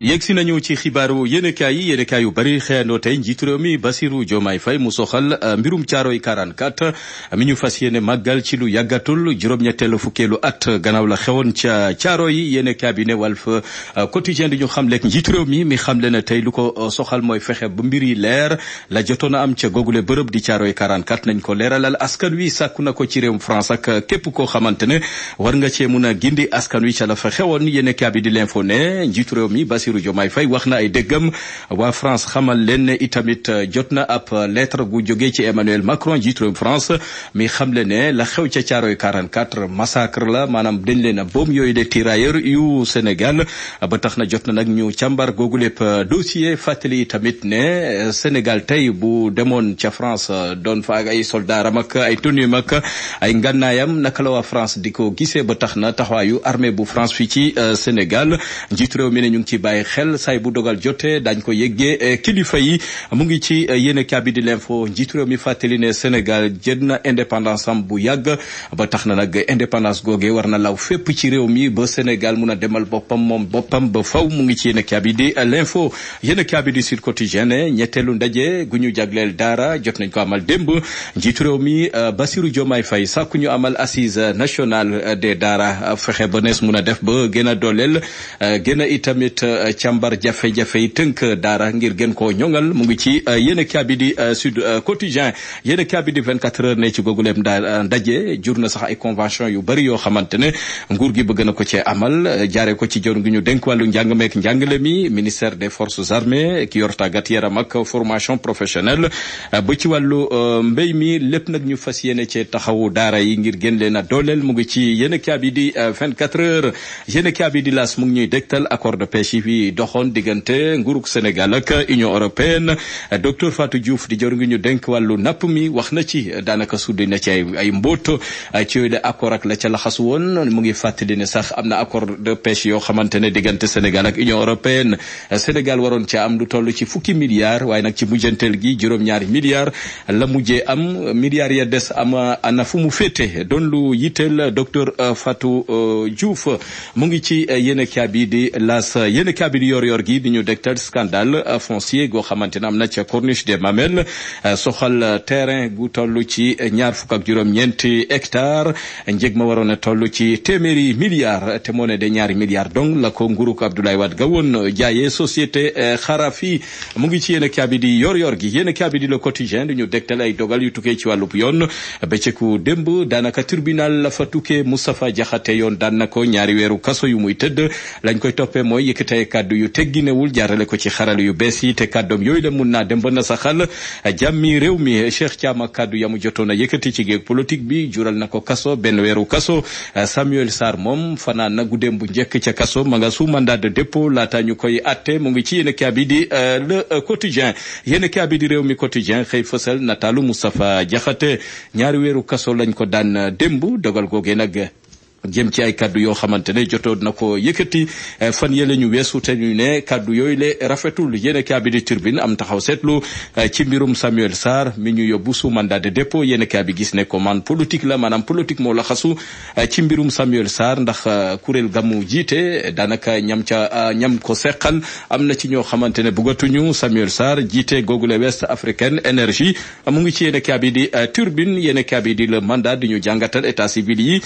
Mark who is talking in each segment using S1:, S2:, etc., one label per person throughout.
S1: yegsi nañu ci xibaaru yéenekaay yi yéenekaay yu bari xëyandoo tey njiitu réew mi Bassirou Diomaye Faye mu soxal euh, mbirum Caaroy 44 mi ñu fas yéene màggal ci lu yàggatul juróom-ñetteelu fukkeelu at gannaaw la xewoon ca Caaroy yéenekaay bi ne Walf euh, Quotidien di ñu xam leeg njiitu réew mi mi xam le na tey lu ko euh, soxal mooy fexe ba mbir yi leer la jotoon a am ca googule bërëb di Caaroy 44 nañ ko leeralal askan wi sàkku na ko ci réewum France ak képp koo xamante ne war nga cee mun a gindi askan wi ca la fa xewoon yéenekaay bi di l'info ne njiitu Bassirou Diomaye Faye wax na ay déggam waa France xamal leen ne itamit euh, jot na euh, lettre gu jógee ci Emmanuel Macron jiitu réewum France mi xamle ne la xew ca Caaroy 44 massacre la maanaam dañ leen a boom yooyu de tirailleurs yu Sénégal ba tax na jot na nag ñu càmbar googu lépp euh, dossier fàttali tamit ne senegal tey bu demoon ca France doon fa ay soldaaram ak ay tenues ak ay ngànnaayam naka la waa France di ko gisee ba tax na taxawaayu bu France fii ci Sénégal njiitu mi ne ñu ci bàyyi bàyyi xel say bu dogal jotee dañ ko yëggee eh, kilifa yi mu ngi ci eh, yéen a bi di l'info njiitu réew mi fàttali ne Sénégal jël na indépendance am bu yàgg ba tax na nag indépendance googee war na law fépp ci réew mi ba Sénégal mun a demal boppam moom boppam ba faw mu ngi ci yéen a bi di eh, l'info yéen kaabidi sur di Sud ñetteelu ndaje gu ñu jagleel daara jot nañ ko amal démb njiitu réew mi Bassirou Diomaye fay sàkku ñu amal assise nationale des daara fexe ba nees mun càmbar jafe-jafe yi tënk daara ngir gën koo ñoŋal mu ngi ci euh, yéen a kaabi di euh, Sud euh, Quotidien yéen a kaabi di 24 heures ne ci googuleem daa ndaje jur na sax ay convention yu bëri yoo xamante ne nguur gi bëgg na ko cee amal jaare ko ci jor ngi ñu dénk wàllu njàng meek njàngale mi ministère des forces armées ki yor tàggat yaram ak formation professionnelle ba ci wàllu mbéy mi lépp nag ñu fas yéene cee taxawu daara yi ngir gën leen a dooleel mu ngi ci yéen a kaabi di 24 heures yéen a kaabi di las mu ñuy dégtal accord bi doxoon diggante nguurug Sénégal ak Union européenne docteur Fatou Diouf di jor ngi ñu napp mi wax na ci daanaka suddi na ci ay ay mbóot ci yooyu de accord ak la ca la xas woon mu ngi fàttali ne sax am na accord de pêche yoo xamante ne diggante Sénégal ak Union européenne Sénégal waroon ca am lu toll ci fukki milliards waaye nag ci mujjanteel gi juróom-ñaari milliards la mujjee am milliards ya des am ana fu mu féete doon lu yitteel docteur euh, Fatou euh, Diouf mu ci euh, yéen a kaabi di las yéenekaay bi di yor-yor gi di ñu scandale euh, foncier goo xamante am na corniche des Mamelles euh, soxal euh, terrain gu toll ci ñaar fukk ak juróom-ñeenti hectare njëg ma waroon a toll ci téeméeri milliards te moo ne de ñaari milliards donc la ko nguuruk Abdoulaye Wade ga woon jaayee société Xarafi mu ngi ci yéenekaay bi di yor-yor gi yéenekaay bi di Le Quotidien di ñu dégtal ay dogal yu tukkee ci wàllub yoon bëccëgu démb daanaka tribunal la fa tukkee Moustapha Diakhaté yoon daan na ko ñaari weeru kaso yu kàddu yu tegginewul jaarale ko ci xarale yu bees yi te kàddoom yooyu la mun na dem ba nasaxal jàmmi réew mi Cheikh Thiam ak kàddu yamu jotoon a yëkkati ci géeg politique bi jural na ko kaso benn weeru kaso Samuel Sarr moom fanaan nagu guddeem bu njëkk ca kaso ma nga sous mandat de dépôt ñu koy atte mu ngi ci yéen a kaa bi di euh, le quotidien yéen a kaa bi di réew mi quotidien xëy fësal nataalu Moustapha Diakhaté ñaari weeru kaso lañ ko daan demb dogal googee nag jëm ay kaddu yoo xamante ne jotoon na ko yëkkati eh, fan yële ñu weesu te ñu ne kaddu yooyu le rafetul yéen a kaabi di turbine am taxaw seetlu eh, ci mbirum Samuel sar mi ñu yóbbu su mandat de dépôt yéen a kaabi gis ne man politique la maanaam politique moo laxasu xasu eh, ci mbirum Samuel Sarr ndax kuréel gamu jiite daanaka ñam ca ñam ko seqal am na ci ñoo xamante ne bëggatuñu Samuel Sarr jiite googule West African Energy mu ngi ci yéen a kaabi di turbine yéen a kaabi di le mandat di ñu jàngatal état civil yi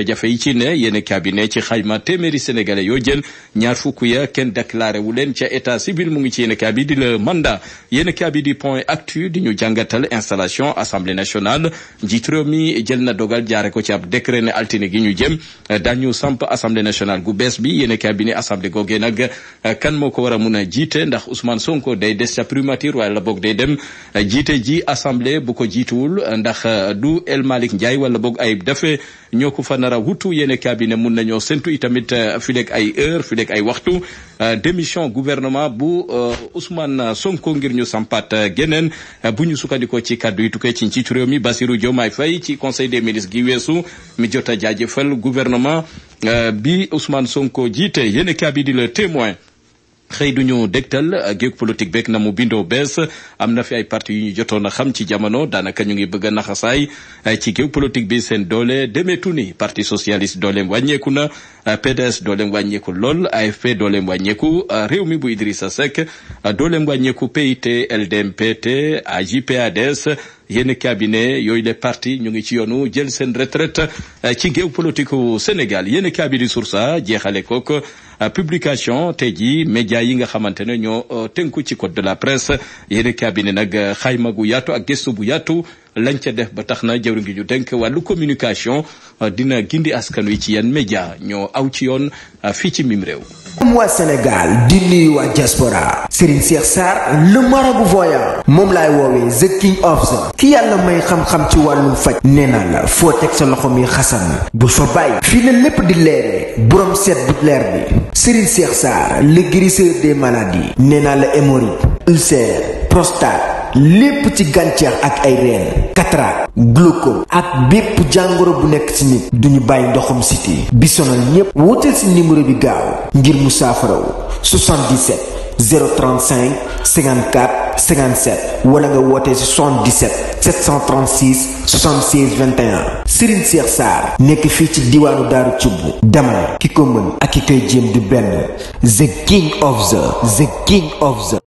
S1: jafe-jafe yi ci ne yéen cabinet ci xayma téeméeri sénégalais yoo jël ñaar fukk ya kenn déclaré wu leen ca état civil mu ngi ci yéen cabinet di le mandat yéen cabinet di point actu di ñu jàngatal installation assemblée nationale njiitu réew mi jël na dogal jaare ko ci ab décret ne altine gi ñu jëm dañu samp assemblée national gu bees bi yéen cabinet assemblée googee nag kan moo ko war a mun a jiite ndax Ousmane Sonko day des ca primature waaye la boog day dem jiite ji assemblée bu ko jiituwul ndax du El Malick nar a wutu yéen cabinet mun nañoo séntu itamit euh, fi leeg ay heure fi ay waxtu euh, démission gouvernement bu euh, Ousmane Sonko ngir ñu sampat geneen bu ñu sukkandikoo ci kàddu yi ci njiitu réew mi Bassirou Diomaye Faye ci conseil des ministres gi weesu mi jot a jaajëfal gouvernement bi Ousmane Sonko jiite yéen cabinet di le témoin xëy duñu dégtal géeg politique beeg na mu bindoo bees am na fi ay parti yu ñu jotoon a xam ci jamono daanaka ñu ngi bëgg a naxasaay ci géeg politique bi seen doole demeetu ni parti socialiste dooleem wàññeeku na PDS dooleem wàññeeku lool AFP dooleem wàññeeku réew mi bu Idrissa Seck dooleem wàññeeku PIT LDMPT AJPADS yenn cabinet yooyu les parti ñu ngi ci yoonu jël seen retraite ci géew politique Sénégal yenn cabinet di sursa jeexale kook Euh, publication tey jii média yi nga xamante ne ñoo euh, tënku ci code de la presse yéen cabinet nag euh, xayma gu yaatu ak gëstu bu yaatu lañ ca def ba tax na jëwriñ gi ñu dénk wàllu communication dina gindi askan wi ci yan média ñoo aw ci yoon fii ci mim réew
S2: am waa Sénégal di nuyu waa diaspora Serigne Cheikh Sarr le marabout voyant moom laay woowee the king of the ki yàlla may xam-xam ci wàllum faj nee naa la foo teg sa loxo mi xasan bu fa bàyyi fii la lépp di leere borom seet bu leer bi Serigne Cheikh Sarr le guérisseur des maladies nee naa la hémorroïde ulcère prostate lépp ci gàncax ak ay reen cataracte glaucome ak bépp jàngoro bu nekk ci nit duñu bàyyi ndoxum siti bi sonal ñépp wóotal ci numéro bi gaaw ngir mu saafarawu 77 035 54 57 wala nga woote 77 736 76 21 Serigne Cheikh Sarr nekk fii
S1: ci diwaanu Daaru Cubb demal ki ko mën ak ki koy jéem du benn the king of the the king of the